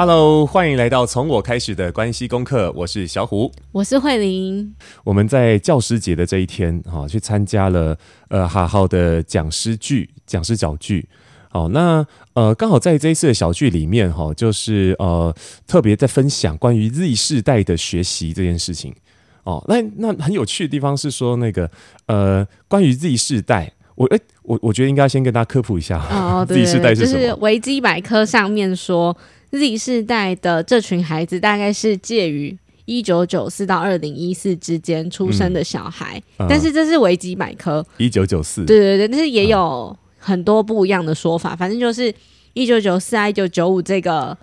Hello，歡迎來到從我開始的關係功課。我是小虎，我是慧玲。我們在教師節的這一天，哈、哦，去參加了呃哈好的講師劇講師小聚。哦，那呃剛好在這一次的小聚裡面，哈、哦，就是呃特別在分享關於 Z 世代的學習這件事情。哦，那那很有趣的地方是說那個呃關於 Z 世代，我誒，我我覺得應該先跟大家科普一下哈、哦、 Z 世代是什麼？維基百科上面說。Z 世代的這群孩子大概是介於一九九四到二零一四之間出生的小孩，嗯呃、但是這是維基百科。一九九四，對對對，但是也有很多不一樣的說法，呃、反正就是一九九四啊一九九五這個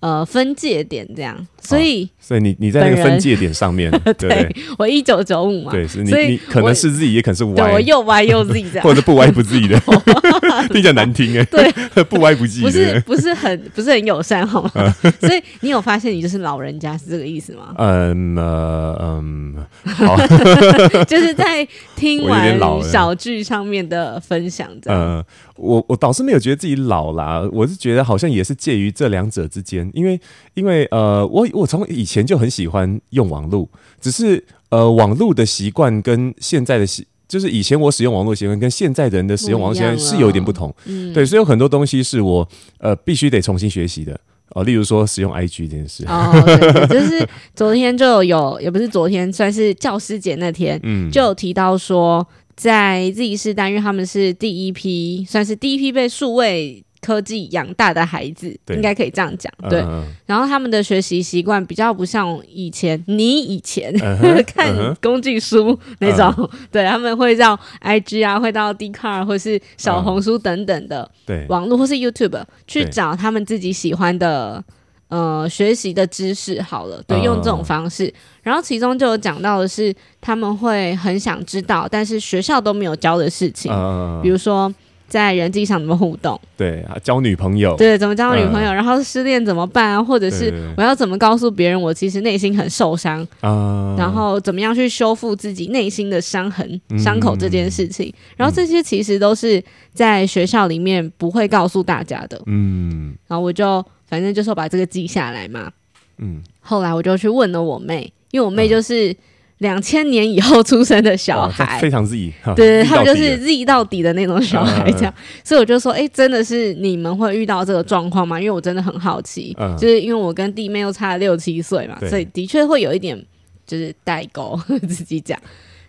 呃分界點這樣。所以，所以你你在那個分界點上面，對，我一九九五嘛，對，所以你可能是 Z，也可能是 Y，我又 Y 又 Z 的，或者不 Y 不 Z 的，比較難聽哎，對，不 Y 不 Z，不是不是很不是很友善，好嗎？所以你有發現你就是老人家是這個意思嗎？嗯嗯好就是在聽完小劇上面的分享這樣，我我倒是沒有覺得自己老啦，我是覺得好像也是介於這兩者之間，因為因為呃我。我從以前就很喜歡用網絡，只是呃，網絡的習慣跟現在的習，就是以前我使用網絡習慣跟現在人的使用網絡習慣是有一點不同，不嗯、對，所以有很多東西是我呃必須得重新學習的、呃、例如說使用 IG 這件事，哦、就是昨天就有， 也不是昨天，算是教師節那天，嗯，就有提到說在自己師大，擔任，他們是第一批，算是第一批被數位。科技養大的孩子，對應該可以這樣講。對，uh huh. 然後他們的學習習慣比較不像以前，你以前、uh huh. 看工具書、uh huh. 那種。Uh huh. 對，他們會到 IG 啊，會到 Dcard 或者是小紅書等等的網絡，uh huh. 或是 YouTube 去找他們自己喜歡的、uh huh. 呃學習的知識。好了，對，用這種方式。Uh huh. 然後其中就有講到的是，他們會很想知道，但是學校都沒有教的事情，uh huh. 比如說。在人際上怎麼互動？對、啊，交女朋友，對，怎麼交女朋友，呃、然後失戀怎麼辦啊？或者是我要怎麼告訴別人我其實內心很受傷啊？呃、然後怎麼樣去修復自己內心的傷痕、嗯、傷口這件事情？嗯嗯、然後這些其實都是在學校裡面不會告訴大家的。嗯，然後我就反正就是我把這個記下來嘛。嗯，後來我就去問了我妹，因為我妹就是。嗯兩千年以後出生的小孩，哦、非常 Z，對對，哦、他們就是 Z 到底的那種小孩，這樣。啊、所以我就說，哎、欸，真的是你們會遇到這個狀況嗎？因為我真的很好奇，啊、就是因為我跟弟妹又差了六七歲嘛，對所以的確會有一點就是代溝，自己講。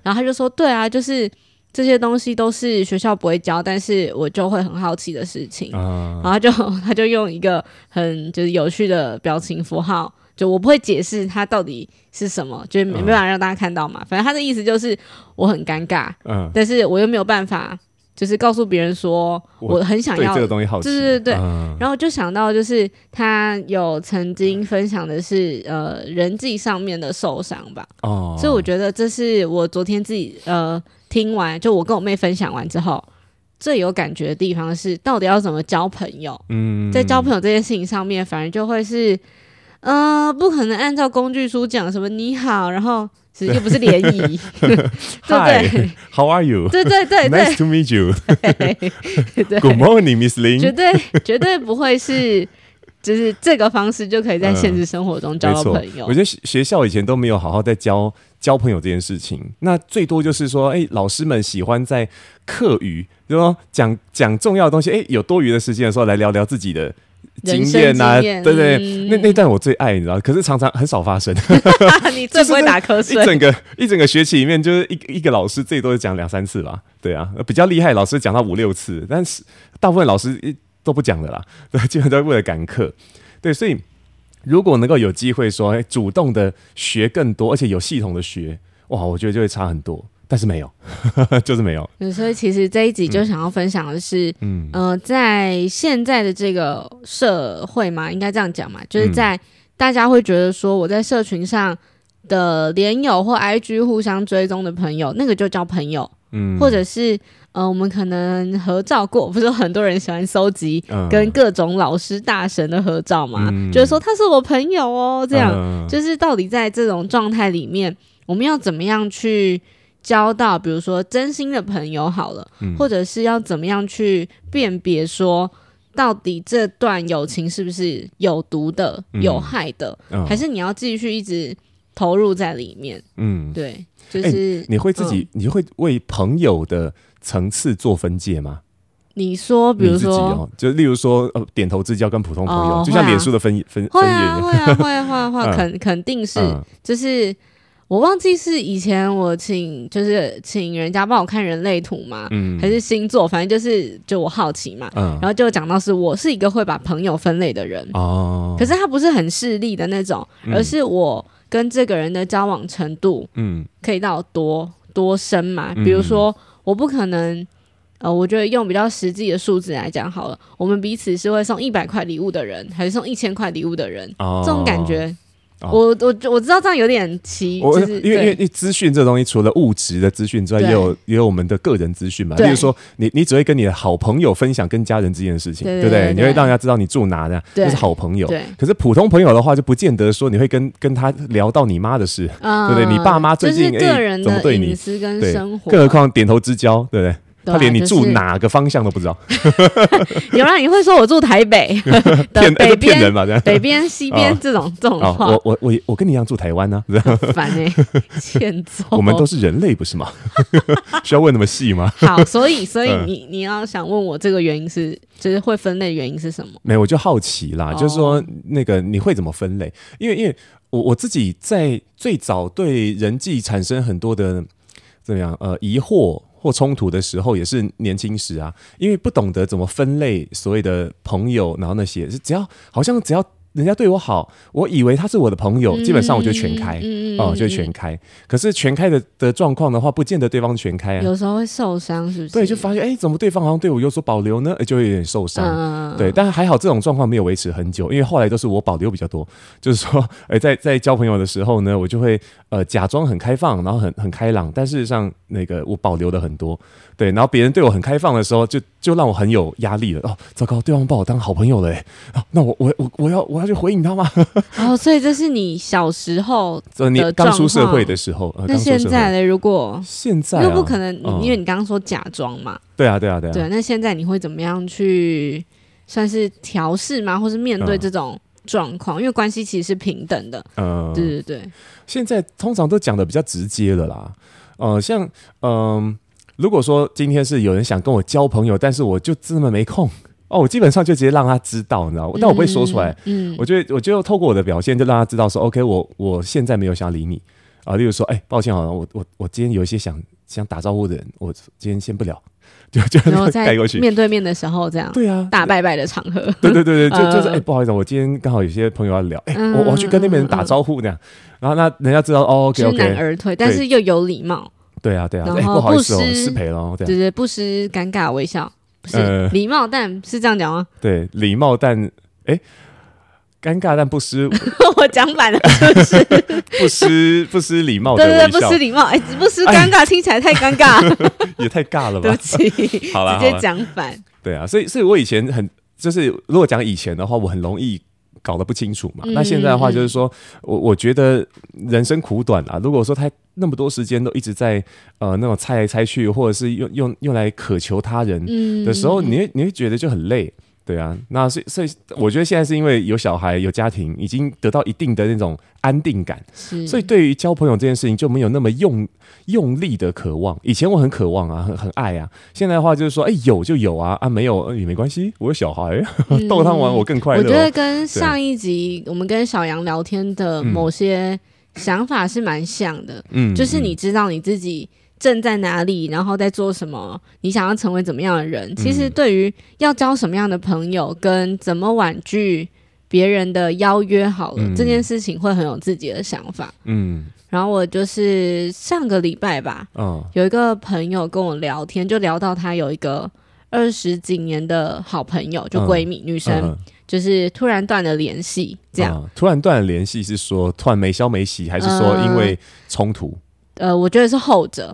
然後他就說，對啊，就是這些東西都是學校不會教，但是我就會很好奇的事情。啊、然後他就他就用一個很就是有趣的表情符號。就我不會解釋他到底是什麼，就沒沒辦法讓大家看到嘛。嗯、反正他的意思就是我很尷尬，嗯，但是我又沒有辦法，就是告訴別人說我很想要對這個東西好吃，好，對對對。嗯、然後就想到就是他有曾經分享的是、嗯、呃人際上面的受傷吧。哦，所以我覺得這是我昨天自己呃聽完就我跟我妹分享完之後最有感覺的地方是到底要怎麼交朋友。嗯，在交朋友這件事情上面，反而就會是。嗯、呃，不可能按照工具書講什麼你好，然後又不是聯誼，對不對？How are you？ 對對對，對 Nice to meet you 對。Good morning, Miss Lin。絕對絕對不會是，就是這個方式就可以在現實生活中交到朋友，嗯。我覺得學校以前都沒有好好在教交朋友這件事情，那最多就是說，哎，老師們喜歡在課餘，對嗎？講講重要的東西，哎，有多餘的時間的時候來聊聊自己的。經驗吶、啊，驗對，對對，嗯、那那段我最愛你知道，可是常常很少發生。你最不會打瞌睡，一整個一整個學期裡面，就是一一個老師最多講兩三次吧。對啊，比較厲害老師講到五六次，但是大部分老師都不講的啦。對，基本上都為了趕課。對，所以如果能夠有機會說，主動的學更多，而且有系統的學，哇，我覺得就會差很多。但是沒有， 就是沒有。所以其實這一集就想要分享的是，嗯，嗯呃，在現在的這個社會嘛，應該這樣講嘛，就是在大家會覺得說，我在社群上的連友或 IG 互相追蹤的朋友，那個就叫朋友。嗯，或者是呃，我們可能合照過，不是很多人喜歡收集跟各種老師大神的合照嘛，覺得、嗯、說他是我朋友哦、喔，這樣。嗯、就是到底在這種狀態裡面，我們要怎麼樣去？交到比如說真心的朋友好了，或者是要怎麼樣去辨別說，到底這段友情是不是有毒的、有害的，還是你要繼續一直投入在裡面？嗯，對，就是你會自己，你會為朋友的層次做分界嗎？你說，比如說，就例如說，呃，點頭之交跟普通朋友，就像臉書的分分，會啊，會啊，會啊，會啊，肯肯定是，就是。我忘記是以前我請，就是請人家幫我看人類圖嘛，嗯、還是星座，反正就是就我好奇嘛，嗯、然後就講到是我是一個會把朋友分類的人，哦、可是他不是很勢利的那種，嗯、而是我跟這個人的交往程度，嗯，可以到多、嗯、多深嘛？比如說我不可能，呃，我覺得用比較實際的數字來講好了，我們彼此是會送一百塊禮物的人，還是送一千塊禮物的人？哦、這種感覺。我我我知道這樣有點奇怪，因為因為資訊這東西，除了物質的資訊之外，也有也有我們的個人資訊嘛。比如說，你你只會跟你的好朋友分享跟家人之間的事情，對不對？你會讓人家知道你住哪的，那是好朋友。可是普通朋友的話，就不見得說你會跟跟他聊到你媽的事，對不對？你爸媽最近怎麼對你？隱私跟生活，更何況點頭之交，對不對？他連你住哪個方向都不知道，啊。就是、 有人也會說：“我住台北，北。”騙、欸，這是騙人嘛？這樣北邊、西邊、哦、這種這種話。我我我我跟你一樣住台灣呢、啊。反正、欸、欠揍。我們都是人類，不是嗎？ 需要問那麼細嗎？好，所以所以你你要想問我這個原因是就是會分類原因是什麼？嗯、沒有，我就好奇啦，哦、就是說那個你會怎麼分類？因為因為我我自己在最早對人際產生很多的怎麼樣呃疑惑，或衝突的時候也是年輕時啊，因為不懂得怎麼分類所謂的朋友，然後那些是只要好像只要。人家對我好，我以為他是我的朋友，嗯、基本上我就全開，哦、嗯嗯、呃，就全開。可是全開的的狀況的話，不見得對方全開啊。有時候會受傷是不是？對，就發現誒、欸，怎麼對方好像對我有所保留呢？欸、就有點受傷。啊、對，但是還好這種狀況沒有維持很久，因為後來都是我保留比較多。就是說，誒、欸，在在交朋友的時候呢，我就會呃假裝很開放，然後很很開朗，但事實上那個我保留的很多。對，然後別人對我很開放的時候，就就讓我很有壓力了。哦，糟糕，對方把我當好朋友了，欸、啊，那我我我我要我。他就回應他嗎？ 哦，所以這是你小時候、呃、你剛出社會的時候。呃、那現在呢？如果現在又、啊、不可能，呃、因為你剛剛說假裝嘛。對啊，對啊，對啊。對，那現在你會怎麼樣去算是調適嘛，或是面對這種狀況？呃、因為關係其實是平等的。嗯、呃，對對對。現在通常都講得比較直接的啦。呃，像嗯、呃，如果說今天是有人想跟我交朋友，但是我就這麼沒空。哦，我基本上就直接讓他知道，你知道，但我不會說出來。嗯，我覺得，我就透過我的表現，就讓他知道說，OK，我我現在沒有想理你啊。例如說，哎，抱歉好了，我我我今天有一些想想打招呼的人，我今天先不聊，就就然後帶過去。面對面的時候這樣，對啊，大拜拜的場合，對對對對，就就是哎，不好意思，我今天剛好有些朋友要聊，哎，我我去跟那邊人打招呼那樣，然後那人家知道，哦，OK OK，知難而退，但是又有禮貌，對啊對啊，不好意思哦，失陪了哦，這樣。就是不失尷尬微笑。不是，禮、呃、貌但，是這樣講嗎？對，禮貌但，哎、欸，尷尬但不失。 我講反了，不是， 不失不失禮貌，對，對對，不失禮貌，欸、哎，不失尷尬，聽起來太尷尬， 也太尬了吧？對不起，好了啦，直接講反。對啊，所以，所以我以前很，就是如果講以前的話，我很容易。搞得不清楚嘛？那現在的話，就是說、嗯、我我覺得人生苦短啊。如果說他那麼多時間都一直在呃那種猜來猜去，或者是用用用來渴求他人的時候，嗯、你會你會覺得就很累。對啊，那所以所以，我覺得現在是因為有小孩有家庭，已經得到一定的那種安定感，是所以對於交朋友這件事情就沒有那麼用用力的渴望。以前我很渴望啊，很很愛啊，現在的話就是說，哎，有就有啊，啊，沒有也沒關係，我有小孩、嗯、 逗他玩，我更快樂、哦。我覺得跟上一集我們跟小楊聊天的某些想法是蠻像的，嗯，就是你知道你自己。正在哪裡，然後在做什麼？你想要成為怎麼樣的人？嗯、其實對於要交什麼樣的朋友，跟怎麼婉拒別人的邀約，好了，嗯、這件事情會很有自己的想法。嗯，然後我就是上個禮拜吧，嗯、有一個朋友跟我聊天，嗯、就聊到他有一個二十幾年的好朋友，就閨蜜，嗯、女生，嗯、就是突然斷了聯繫，這樣。嗯、突然斷了聯繫是說突然沒消沒息，還是說因為衝突？嗯呃，我覺得是後者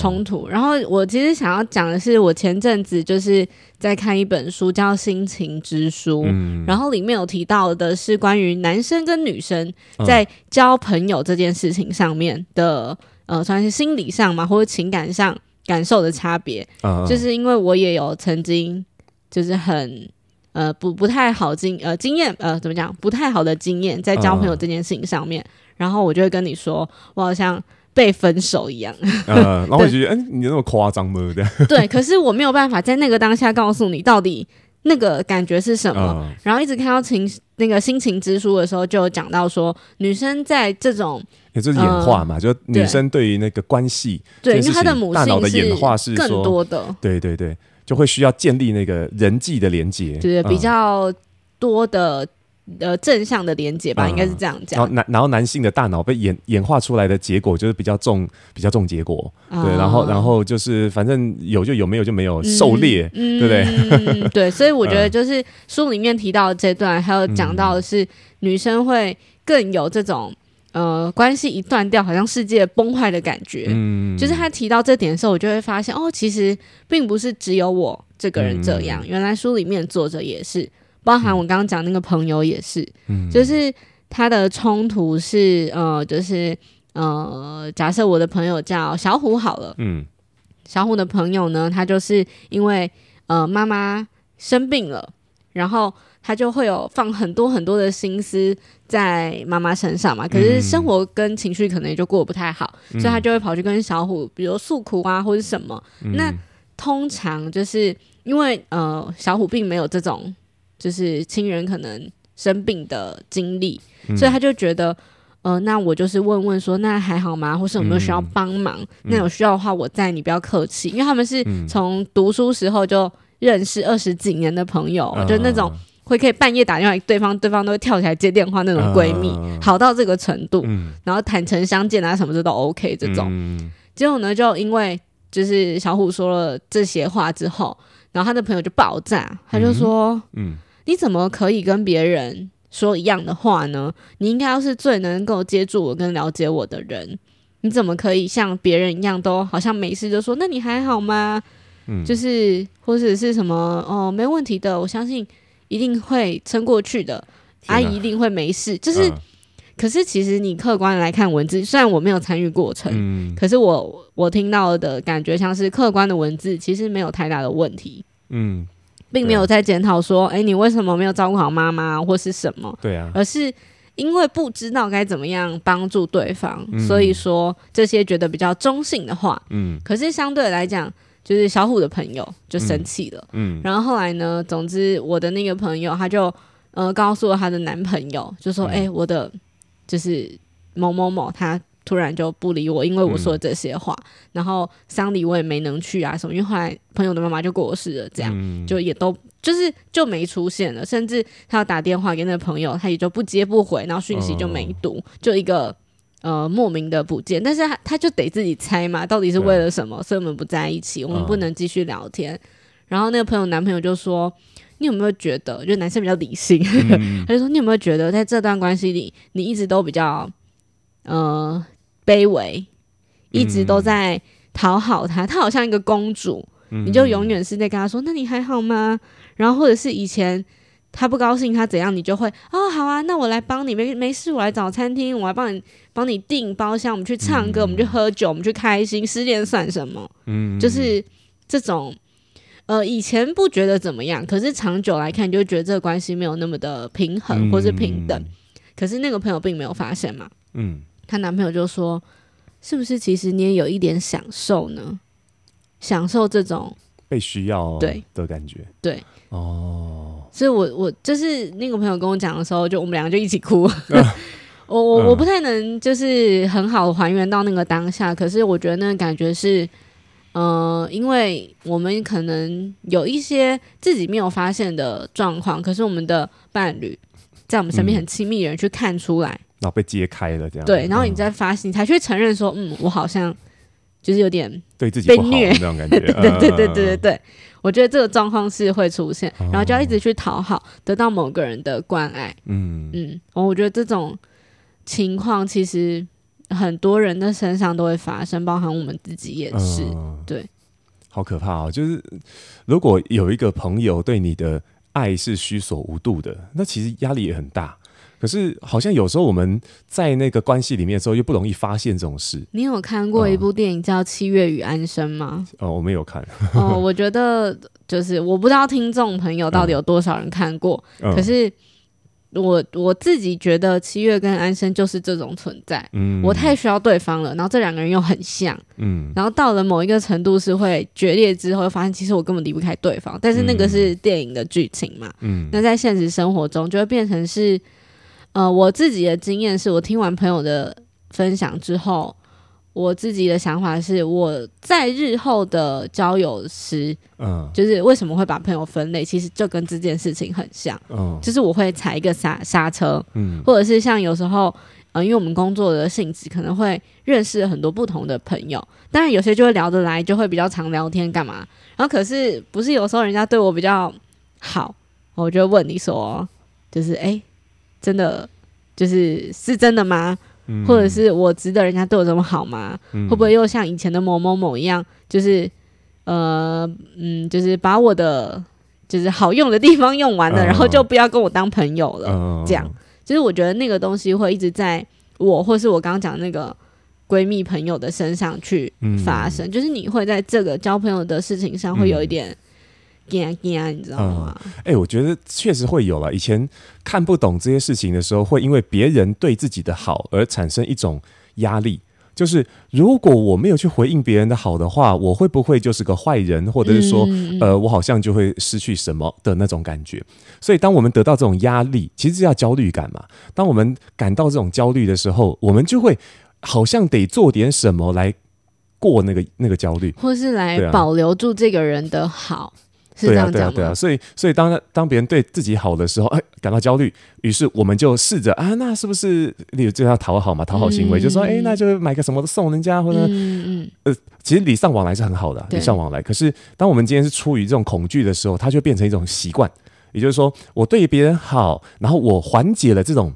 衝、哦、突。然後我其實想要講的是，我前陣子就是在看一本書，叫《心情之書》，嗯、然後裡面有提到的是關於男生跟女生在交朋友這件事情上面的，哦、呃，算是心理上嘛，或者情感上感受的差別。哦、就是因為我也有曾經就是很呃不不太好經呃經驗呃怎麼講不太好的經驗在交朋友這件事情上面，哦、然後我就會跟你說，我好像。被分手一樣、呃，然後我就覺得，嗯對、欸，你那麼誇張嗎？對，對，可是我沒有辦法在那個當下告訴你到底那個感覺是什麼。呃、然後一直看到情那個《心情之書》的時候，就有講到說，女生在這種，也就是演化嘛？呃、就女生對於那個關係，對，對，因為她的母親的，的演化是更多的，對對對，就會需要建立那個人際的連接，對、呃、比較多的。呃，正向的連接吧，嗯、應該是這樣講。然後男，然後男性的大腦被演演化出來的結果就是比較重，比較重結果。嗯、對，然後然後就是反正有就有，沒有就沒有。狩獵，嗯、對不對、嗯？對，所以我覺得就是書裡面提到的這段，嗯、還有講到的是女生會更有這種呃關係一斷掉，好像世界崩壞的感覺。嗯，就是他提到這點的時候，我就會發現哦，其實並不是只有我這個人這樣，嗯、原來書裡面的作者也是。包含我剛剛講那個朋友也是，嗯、就是他的衝突是呃，就是呃，假設我的朋友叫小虎好了，嗯、小虎的朋友呢，他就是因為呃媽媽生病了，然後他就會有放很多很多的心思在媽媽身上嘛，可是生活跟情緒可能也就過得不太好，嗯、所以他就會跑去跟小虎，比如訴苦啊，或者什麼。嗯、那通常就是因為呃，小虎並沒有這種。就是親人可能生病的經歷，嗯、所以他就覺得，呃，那我就是問問說，那還好嗎？或是有沒有需要幫忙？嗯嗯、那有需要的話，我在，你不要客氣。因為他們是從讀書時候就認識二十幾年的朋友，嗯、就那種會可以半夜打電話給對方，對方都會跳起來接電話那種閨蜜，嗯、好到這個程度，嗯、然後坦誠相見啊，什麼的都 OK。這種、嗯、結果呢，就因為就是小虎說了這些話之後，然後他的朋友就爆炸，他就說，嗯。嗯你怎麼可以跟別人說一樣的話呢？你應該要是最能夠接住我跟了解我的人，你怎麼可以像別人一樣，都好像沒事就說那你還好嗎？嗯、就是或者是，是什麼哦，沒問題的，我相信一定會撐過去的，阿姨，啊啊，一定會沒事。就是，嗯、可是其實你客觀來看文字，雖然我沒有參與過程，嗯、可是我我聽到的感覺像是客觀的文字，其實沒有太大的問題。嗯。並沒有在檢討說，哎、欸，你為什麼沒有照顧好媽媽或是什麼？對啊，而是因為不知道該怎麼樣幫助對方，嗯、所以說這些覺得比較中性的話。嗯，可是相對來講，就是小虎的朋友就生氣了，嗯。嗯，然後後來呢，總之我的那個朋友，她就呃告訴了她的男朋友，就說，哎、欸，我的就是某某某，她。突然就不理我，因為我說這些話，嗯、然後喪禮我也沒能去啊什麼。因為後來朋友的媽媽就過世了，這樣、嗯、就也都就是就沒出現了。甚至他要打電話給那個朋友，他也就不接不回，然後訊息就沒讀，呃、就一個呃莫名的不見。但是他他就得自己猜嘛，到底是為了什麼，對所以我們不在一起，我們不能繼續聊天。呃、然後那個朋友的男朋友就說：“你有沒有覺得，就男生比較理性？” 他就說：“你有沒有覺得，在這段關係裡，你一直都比較呃？”卑微，一直都在討好他，嗯、他好像一個公主，嗯、你就永遠是在跟他說：“嗯、那你還好嗎？”然後或者是以前他不高興，他怎樣，你就會啊、哦，好啊，那我來幫你，沒沒事，我來找餐廳，我來幫你幫你訂包廂，我們去唱歌，嗯、我們去喝酒，我們去開心，失戀算什麼？嗯，就是這種，呃，以前不覺得怎麼樣，可是長久來看，你就覺得這個關係沒有那麼的平衡或是平等。嗯嗯、可是那個朋友並沒有發現嘛，嗯。她男朋友就說：“是不是其實你也有一點享受呢？享受這種被需要對的感覺，對哦。” Oh. 所以我，我我就是那個朋友跟我講的時候，就我們兩個就一起哭。 uh, uh. 我我我不太能就是很好的還原到那個當下，可是我覺得那個感覺是，呃，因為我們可能有一些自己沒有發現的狀況，可是我們的伴侶在我們身邊很親密的人去看出來。嗯然後被揭開了，這樣，對，然後你再發現，嗯、你才去承認說，嗯，我好像就是有點對自己被虐那種感覺， 對，對對對對對對，我覺得這個狀況是會出現，嗯、然後就要一直去討好，得到某個人的關愛，嗯嗯，我覺得這種情況其實很多人的身上都會發生，包含我們自己也是，嗯、對，好可怕哦，就是如果有一個朋友對你的愛是需索無度的，那其實壓力也很大。可是，好像有時候我們在那個關係裡面的時候，又不容易發現這種事。你有看過一部電影叫《七月與安生》嗎？哦，我沒有看。 哦，我覺得就是我不知道聽眾朋友到底有多少人看過。嗯、可是我我自己覺得，七月跟安生就是這種存在。嗯，我太需要對方了。然後這兩個人又很像。嗯。然後到了某一個程度是會決裂之後，又發現其實我根本離不開對方。但是那個是電影的劇情嘛？嗯。那在現實生活中就會變成是。呃，我自己的經驗是，我聽完朋友的分享之後，我自己的想法是，我在日後的交友時，uh, 就是為什麼會把朋友分類，其實就跟這件事情很像，uh, 就是我會踩一個剎剎車，嗯，或者是像有時候，呃，因為我們工作的性質，可能會認識很多不同的朋友，當然有些就會聊得來，就會比較常聊天幹嘛，然後可是不是有時候人家對我比較好，我就問你說，就是哎。欸真的，就是是真的嗎？嗯、或者是我值得人家對我這麼好嗎？嗯、會不會又像以前的某某某一樣，就是呃嗯，就是把我的就是好用的地方用完了，哦、然後就不要跟我當朋友了。哦、這樣，就是我覺得那個東西會一直在我，或是我剛剛講的那個閨蜜朋友的身上去發生，嗯、就是你會在這個交朋友的事情上會有一點。尷尬，你知道嗎？哎、嗯欸，我覺得確實會有了。以前看不懂這些事情的時候，會因為別人對自己的好而產生一種壓力，就是如果我沒有去回應別人的好的話，我會不會就是個壞人，或者是說，呃，我好像就會失去什麼的那種感覺。嗯、所以，當我們得到這種壓力，其實這叫焦慮感嘛。當我們感到這種焦慮的時候，我們就會好像得做點什麼來過那個那個焦慮，或是來保留住這個人的好。對啊，對啊，對啊，對啊。所以，所以當當別人對自己好的時候，哎，感到焦慮，於是我們就試着啊，那是不是你就要討好嘛？討好行為，嗯、就說哎，那就買個什麼送人家，或者、嗯嗯、呃，其實禮尚往來是很好的，禮尚往來。對可是，當我們今天是出於這種恐懼的時候，它就變成一種習慣。也就是說，我對別人好，然後我緩解了這種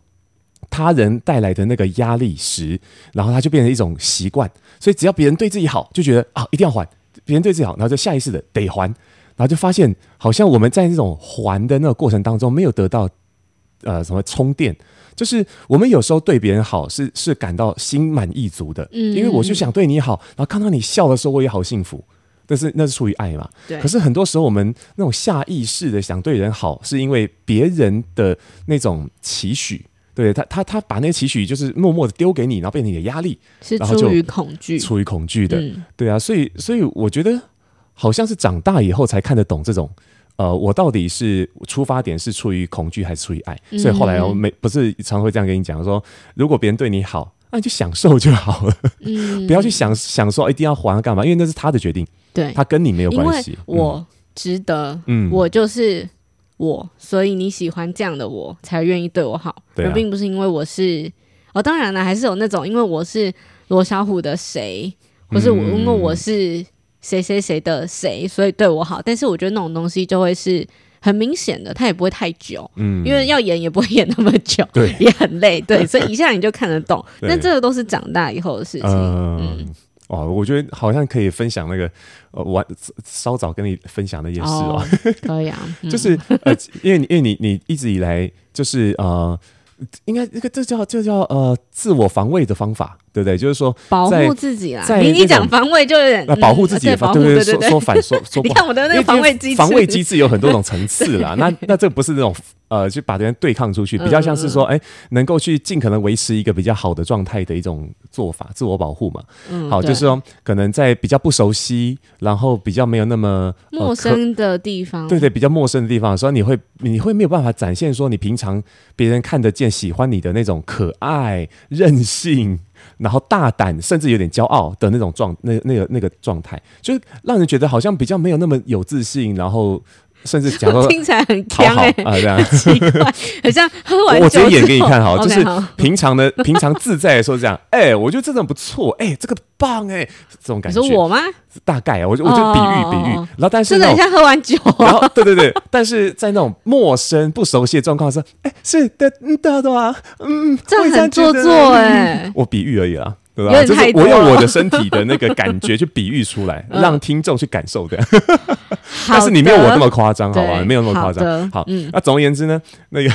他人帶來的那個壓力時，然後它就變成一種習慣。所以，只要別人對自己好，就覺得啊，一定要還別人對自己好，然後就下意識的得還。然後就發現，好像我們在那種還的那個過程當中，沒有得到，呃，什麼充電？就是我們有時候對別人好，是是感到心滿意足的，嗯，因為我就想對你好，然後看到你笑的時候，我也好幸福。但是那是出於愛嘛？對可是很多時候，我們那種下意識的想對人好，是因為別人的那種期許，對，他他他把那期許就是默默的丟給你，然後變成你的壓力，是出於然後就恐懼，出於恐懼的，嗯，對啊。所以，所以我覺得。好像是長大以後才看得懂這種，呃，我到底是出發點是出於恐懼還是出於愛？嗯、所以後來我沒不是常，常會這樣跟你講說，如果別人對你好，那、啊、你就享受就好了，嗯、 不要去想想說一定要還幹嘛？因為那是他的決定，對，他跟你沒有關係。我值得，嗯，我就是我，所以你喜歡這樣的我才願意對我好，而、啊、並不是因為我是哦，當然了，還是有那種因為我是羅小虎的誰，不是我、嗯、因為我是。誰誰誰的誰，所以對我好，但是我覺得那種東西就會是很明顯的，它也不會太久，嗯，因為要演也不會演那麼久，對，也很累，對，所以一下你就看得懂，對但這個都是長大以後的事情。呃、嗯，哦，我覺得好像可以分享那個呃，我稍早跟你分享那件事哦，可以啊，嗯、 就是呃，因為因為你你，你一直以來就是呃。應該，這個這叫這叫呃，自我防衛的方法，對不對？就是說保護自己啦。你你講防衛就有點，就是啊，保護自己的、嗯，對保護。對對對對對，對，對，對，說反說說，說說說 你看我的那個防衛機制，防衛機制有很多種層次啦。 對那那這不是那種。呃，就把別人對抗出去，比較像是說，哎、欸，能夠去盡可能維持一個比較好的狀態的一種做法，自我保護嘛。嗯，好，嗯、就是說，可能在比較不熟悉，然後比較沒有那麼、呃、陌生的地方，對,對對，比較陌生的地方，所以你會你會沒有辦法展現說你平常別人看得見喜歡你的那種可愛、任性，然後大膽，甚至有點驕傲的那種狀那那個那個狀態，就是讓人覺得好像比較沒有那麼有自信，然後。甚至講說聽起來很鏘啊，這樣，很像喝完酒。我直接演給你看哈，就是平常的、平常自在的時候，這樣，哎，我覺得這種不錯，哎，這個棒哎，這種感覺。是我嗎？大概啊，我就我就比喻比喻，然後但是真的很像喝完酒，然後對對對，但是在那種陌生不熟悉的狀況下，哎，是的，對啊對啊，嗯，這很做作哎，我比喻而已啊。對吧？就是我用我的身體的那個感覺去比喻出來， 讓聽眾去感受的。 的但是你沒有我那麼誇張，對好吧？沒有那麼誇張。好，的好，那、嗯啊、總而言之呢，那個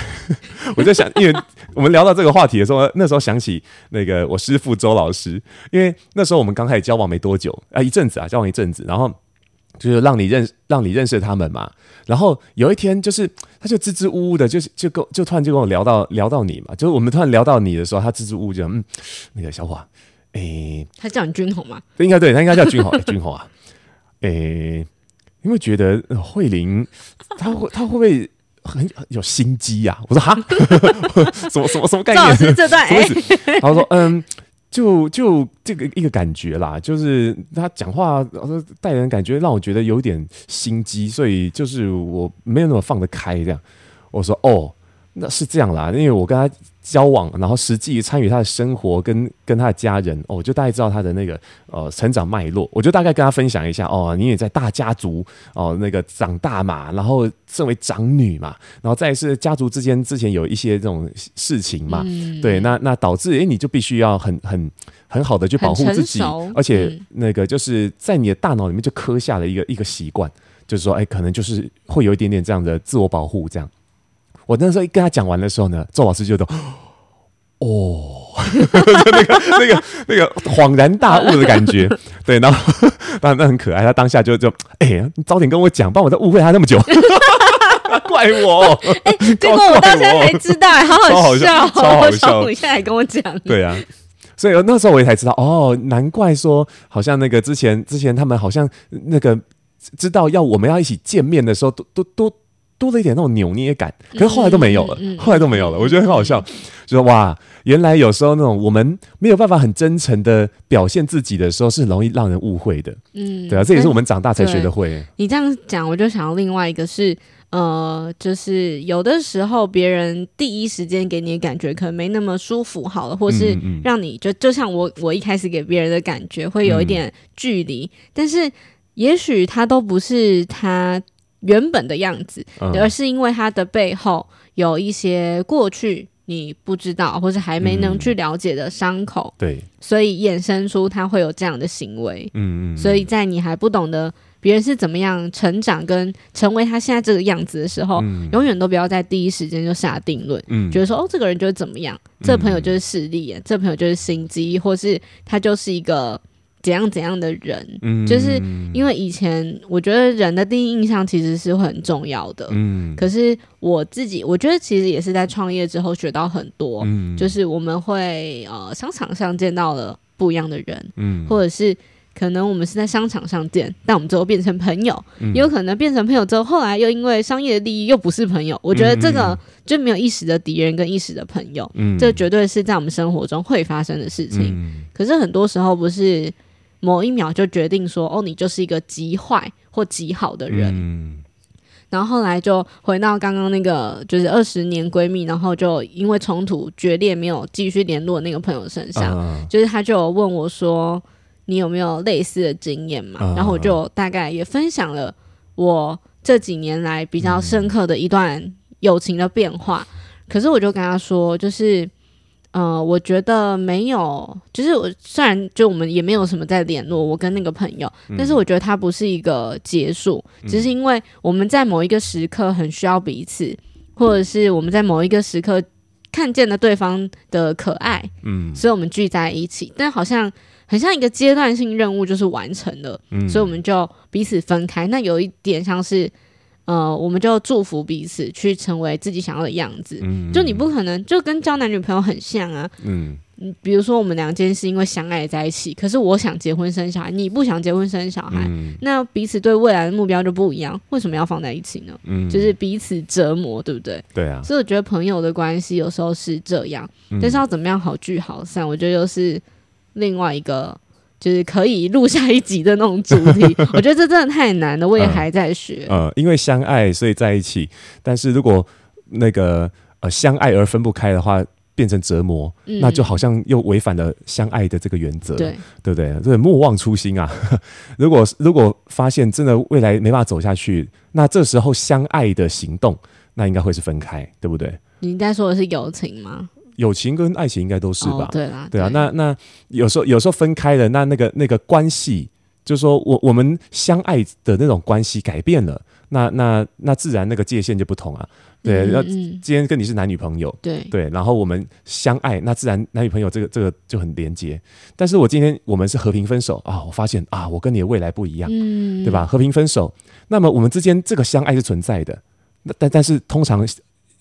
我就想， 因為我們聊到這個話題的時候，那時候想起那個我師傅周老師，因為那時候我們剛開始交往沒多久啊、呃，一陣子啊，交往一陣子，然後就是讓你認讓你認識他們嘛。然後有一天、就是就吱吱吱就，就是他就支支吾吾的，就是就就突然就跟我聊到聊到你嘛，就是我們突然聊到你的時候，他支支吾吾就嗯，那個小夥。誒，欸、他叫你君宏嗎？對，應該對，他應該叫君紅、 欸、君宏啊，誒、欸，你會覺得慧玲她會她會不會很，很有心機呀？啊？我說哈， 什麼什麼什麼概念？這段，欸，然後說嗯，就就這個一個感覺啦，就是他講話，然後帶人感覺讓我覺得有點心機，所以就是我沒有那麼放得開這樣。我說哦。那是這樣啦，因為我跟他交往，然後實際參與他的生活跟、跟跟他的家人哦，我就大概知道他的那個呃成長脈絡，我就大概跟他分享一下哦，你也在大家族哦那個長大嘛，然後身為長女嘛，然後再是家族之間之前有一些這種事情嘛，嗯、對，那那導致誒，你就必須要很很很好的去保護自己，嗯、而且那個就是在你的大腦裡面就刻下了一個一個習慣，就是說誒，可能就是會有一點點這樣的自我保護這樣。我那時候一跟他講完的時候呢，周老師就懂，哦， 那個 那個那個恍然大悟的感覺， 對，然後，當然那很可愛，他當下就就，哎、欸，你早點跟我講，不然我都誤會他那麼久， 怪我，哎、欸，結果我到現在才知道、欸，好好笑，超好笑，現在跟我講，好好笑，對啊，所以那時候我也才知道，哦，難怪說好像那個之前之前他們好像那個知道要我們要一起見面的時候，都都都。多了一點那種扭捏感，可是後來都沒有了，嗯嗯嗯、後來都沒有了，我覺得很好笑，就說哇，原來有時候那種我們沒有辦法很真誠的表現自己的時候，是很容易讓人誤會的，嗯，對啊，這也是我們長大才學的會、欸嗯嗯。你這樣講，我就想到另外一個是，呃，就是有的時候別人第一時間給你的感覺可能沒那麼舒服，好了，或是讓你就就像我，我一開始給別人的感覺會有一點距離，嗯、但是也許他都不是他。原本的樣子，而、嗯、是因為他的背後有一些過去你不知道或是還沒能去了解的傷口，嗯，對，所以衍生出他會有這樣的行為。嗯嗯，嗯嗯，所以在你還不懂得別人是怎麼樣成長跟成為他現在這個樣子的時候，嗯、永遠都不要在第一時間就下定論，嗯，覺得說哦，這個人就是怎麼樣，嗯、這朋友就是勢利眼，嗯、這朋友就是心機，或是他就是一個。怎樣怎樣的人，嗯、就是因為以前我覺得人的第一印象其實是很重要的。嗯、可是我自己我覺得其實也是在創業之後學到很多。嗯、就是我們會呃商場上見到了不一樣的人，嗯、或者是可能我們是在商場上見，但我們之後變成朋友，也有、嗯、可能變成朋友之後，後來又因為商業的利益又不是朋友。我覺得這個就沒有一時的敵人跟一時的朋友，嗯、這絕對是在我們生活中會發生的事情。嗯、可是很多時候不是。某一秒就決定說，哦，你就是一個極壞或極好的人。嗯、然後後來就回到剛剛那個，就是二十年閨蜜，然後就因為衝突決裂，沒有繼續聯絡那個朋友身上，啊、就是他就問我說，你有沒有類似的經驗嘛？啊、然後我就大概也分享了我這幾年來比較深刻的一段友情的變化。嗯、可是我就跟他說，就是。呃，我覺得沒有，就是我雖然就我們也沒有什麼在聯絡，我跟那個朋友，但是我覺得它不是一個結束，嗯，只是因為我們在某一個時刻很需要彼此，或者是我們在某一個時刻看見了對方的可愛，嗯，所以我們聚在一起，但好像很像一個階段性任務就是完成了，嗯，所以我們就彼此分開。那有一點像是。呃，我們就祝福彼此去成為自己想要的樣子。嗯、就你不可能，就跟交男女朋友很像啊。嗯，比如說我們兩件事，因為相愛在一起，可是我想結婚生小孩，你不想結婚生小孩，嗯、那彼此對未來的目標就不一樣。為什麼要放在一起呢？嗯，就是彼此折磨，對不對？對啊。所以我覺得朋友的關係有時候是這樣，嗯、但是要怎麼樣好聚好散，我覺得又是另外一個。就是可以錄下一集的那種主題， 我覺得這真的太難了，我也還在學。呃、嗯嗯，因為相愛所以在一起，但是如果那個呃相愛而分不開的話，變成折磨，嗯、那就好像又違反了相愛的這個原則，對，對對不對？就是莫忘初心啊！呵呵如果如果發現真的未來沒辦法走下去，那這時候相愛的行動，那應該會是分開，對不對？你應該說的是友情嗎？友情跟愛情應該都是吧？哦、對啊，對，對啊。那那有時候有時候分開了，那那個那個關係，就是說我我們相愛的那種關係改變了，那那那自然那個界限就不同啊。對，嗯嗯、那今天跟你是男女朋友，對對，然後我們相愛，那自然男女朋友這個這個就很連接。但是我今天我們是和平分手啊，我發現啊，我跟你的未來不一樣，嗯，對吧？和平分手，那麼我們之間這個相愛是存在的，那但但是通常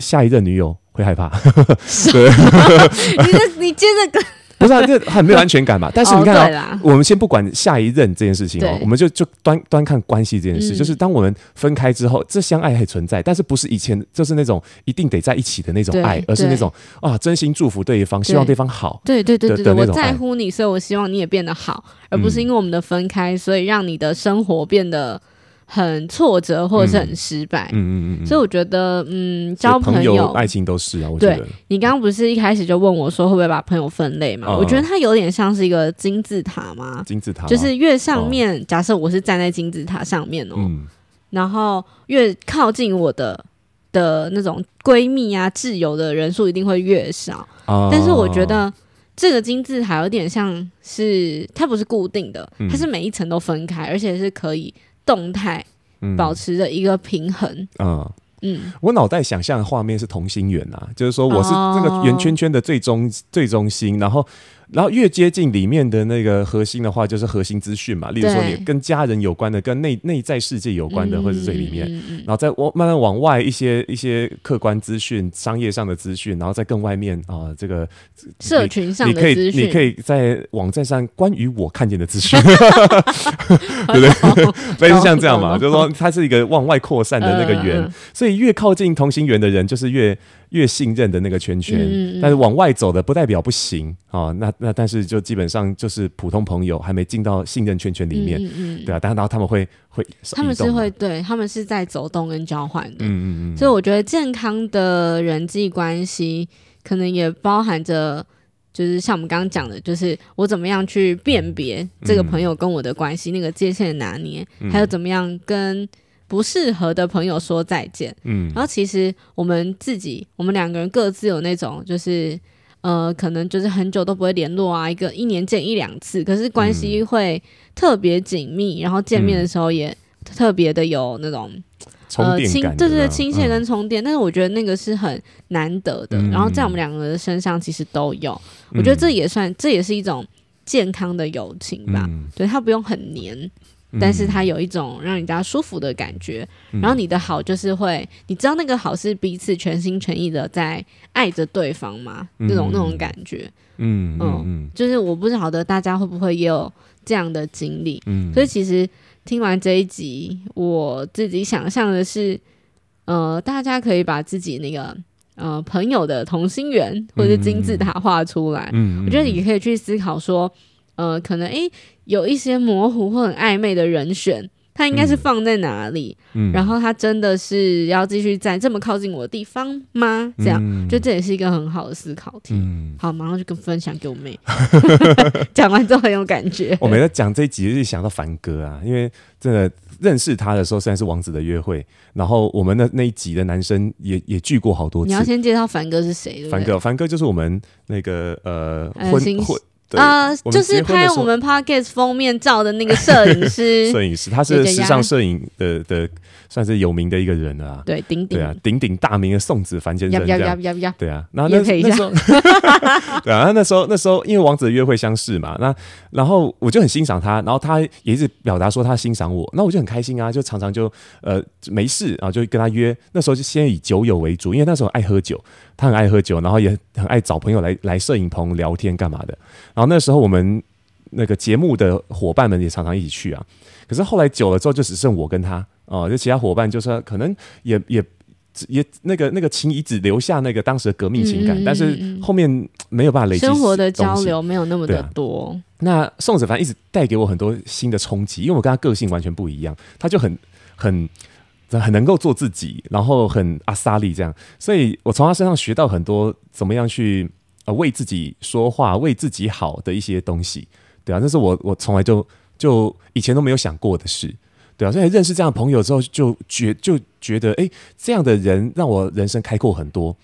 下一任女友。會害怕，對，你的，你接著跟不是啊，這很沒有安全感嘛。但是你看，我們先不管下一任這件事情，哦，我們就就端端看關係這件事。就是當我們分開之後，這相愛還存在，但是不是以前就是那種一定得在一起的那種愛，而是那種啊，真心祝福對方，希望對方好。對對對對，我在乎你，所以我希望你也變得好，而不是因為我們的分開，所以讓你的生活變得。很挫折，或者是很失敗，嗯。嗯嗯嗯，所以我覺得，嗯，交朋友、朋友愛情都是啊。我覺得，對，你剛剛不是一開始就問我說，會不會把朋友分類嘛？哦、我覺得它有點像是一個金字塔嘛。金字塔、啊、就是越上面，哦、假設我是站在金字塔上面哦、喔，嗯、然後越靠近我的的那種閨蜜啊、摯友的人數一定會越少。哦、但是我覺得這個金字塔有點像是它不是固定的，它是每一層都分開，嗯、而且是可以。動態，保持着一個平衡。嗯嗯，呃、嗯我腦袋想象的畫面是同心圓啊，就是說我是這個圓圈圈的最中、哦、最中心，然後。然後越接近裡面的那個核心的話，就是核心資訊嘛。例如說，你跟家人有關的，跟內內在世界有關的，或是最裡面。然後再往慢慢往外一些一些客觀資訊、商業上的資訊，然後再更外面啊，這個社群上的資訊。你可以在網站上關於我看見的資訊，對不對？非常像這樣嘛，就是說，它是一個往外擴散的那個圓。所以越靠近同心圓的人，就是越。越信任的那個圈圈，但是往外走的不代表不行啊。那那但是就基本上就是普通朋友，還沒進到信任圈圈裡面。嗯嗯。對啊，但然後他們會會，他們是會對，他們是在走動跟交換的。嗯嗯嗯。所以我覺得健康的人際關係，可能也包含着，就是像我們剛剛講的，就是我怎麼樣去辨別這個朋友跟我的關係，那個界限拿捏，還有怎麼樣跟。不適合的朋友說再見。嗯，然後其實我們自己，我們兩個人各自有那種，就是呃，可能就是很久都不會聯絡啊，一個一年見一兩次，可是關係會特別緊密，嗯、然後見面的時候也特別的有那種、嗯、呃親，對對，就是親切跟充電。嗯、但是我覺得那個是很難得的，嗯、然後在我們兩個人身上其實都有，嗯、我覺得這也算，這也是一種健康的友情吧。對、嗯，它不用很黏。但是他有一種讓人家舒服的感覺，嗯、然後你的好就是會，你知道那個好是彼此全心全意的在愛着對方嘛，嗯、那種那種感覺，嗯嗯，嗯，嗯，就是我不知道大家會不會也有這樣的經歷，嗯、所以其實聽完這一集，我自己想象的是，呃，大家可以把自己那個呃朋友的同心圓或者是金字塔畫出來，嗯，嗯嗯我覺得你可以去思考說，呃，可能誒，有一些模糊或很曖昧的人選，他應該是放在哪裡？嗯，然後他真的是要繼續在這麼靠近我的地方嗎？這樣，嗯、就這也是一個很好的思考題。嗯，好，馬上就跟分享給我妹。 講完之後很有感覺。 我每次講這一集，就想到凡哥啊，因為真的認識他的時候，雖然是王子的約會，然後我們的那一集的男生也也聚過好多次。你要先介紹凡哥是誰？對對凡哥，凡哥就是我們那個呃婚婚。安心 婚就是拍我們 podcast 封面照的那個攝影師，攝 影師，他是時尚攝影的的，算是有名的一個人啊。對，鼎鼎鼎鼎大名的宋子凡先生，這樣。對啊，然後那那，那時候， 對啊，那時候那時候，因為王子的約會相識嘛，那然後我就很欣賞他，然後他也一直表達說他欣賞我，那我就很開心啊，就常常就呃沒事啊，然後就跟他約。那時候就先以酒友為主，因為那時候愛喝酒。他很愛喝酒，然後也很愛找朋友來來攝影棚聊天幹嘛的。然後那時候我們那個節目的夥伴們也常常一起去啊。可是後來久了之後，就只剩我跟他哦，就其他夥伴就說可能也也也那個那個情誼只留下那個當時的革命情感，嗯，但是後面沒有辦法累積生活的交流東西，沒有那麼的多。對啊。那宋子凡一直帶給我很多新的衝擊，因為我跟他個性完全不一樣，他就很很。很能夠做自己，然後很阿薩利這樣，所以我從他身上學到很多怎麼樣去呃為自己說話、為自己好的一些東西，對啊，那是我我從來就就以前都沒有想過的事，對啊，所以認識這樣的朋友之後就，就覺就覺得，哎、欸，這樣的人讓我人生開闊很多。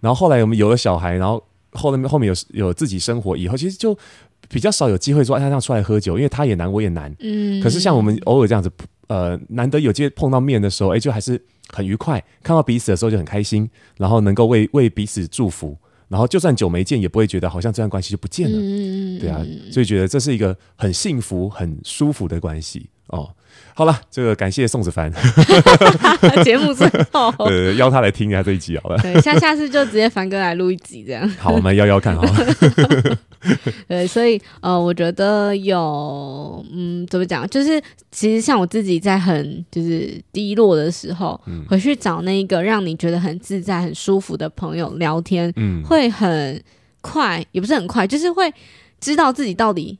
然後後來我們有了小孩，然後後面後面有有自己生活以後，其實就比較少有機會說，他，這樣出來喝酒，因為他也難，我也難，嗯。可是像我們偶爾這樣子。呃，難得有機會碰到面的時候，哎，就還是很愉快。看到彼此的時候就很開心，然後能夠為為彼此祝福，然後就算久沒見，也不會覺得好像這段關係就不見了。嗯，對啊，所以覺得這是一個很幸福、很舒服的關係。哦，好了，這個感謝宋子凡 之，節目最後呃邀他來聽一下這一集好了。對，下下次就直接凡哥來錄一集這樣。好，我們邀邀看好了。 對，所以呃，我覺得有嗯，怎麼講？就是其實像我自己在很就是低落的時候，嗯、回去找那一個讓你覺得很自在、很舒服的朋友聊天，嗯、會很快，也不是很快，就是會知道自己到底。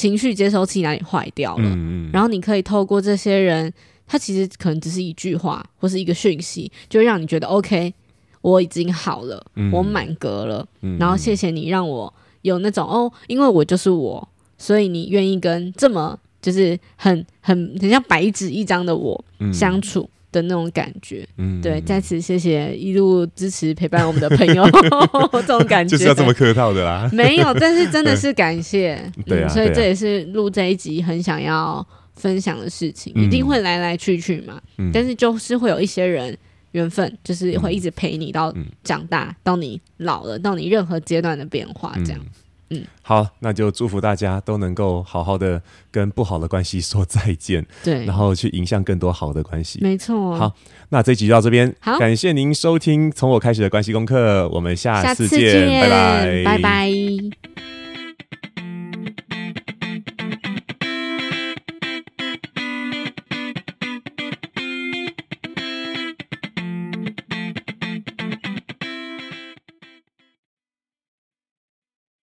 情緒接收器哪裡壞掉了？嗯、然後你可以透過這些人，他其實可能只是一句話或是一個訊息，就讓你覺得 OK，我已經好了，嗯、我滿格了，嗯、然後謝謝你讓我有那種哦，因為我就是我，所以你願意跟這麼就是很很很像白紙一張的我相處。嗯。的那種感覺，嗯，對，在此謝謝一路支持陪伴我們的朋友，這種感覺就是要這麼客套的啦，沒有，但是真的是感謝，對啊，所以這也是錄這一集很想要分享的事情，一定會來來去去嘛，但是就是會有一些人緣分，就是會一直陪你到長大，到你老了，到你任何階段的變化這樣。嗯，好，那就祝福大家都能夠好好的跟不好的關係說再見，對，然後去迎向更多好的關係，沒錯。好，那這一集就到這邊，好，感謝您收聽《從我開始的關係功課》，我們下次見，下次見，拜拜，拜拜。拜拜。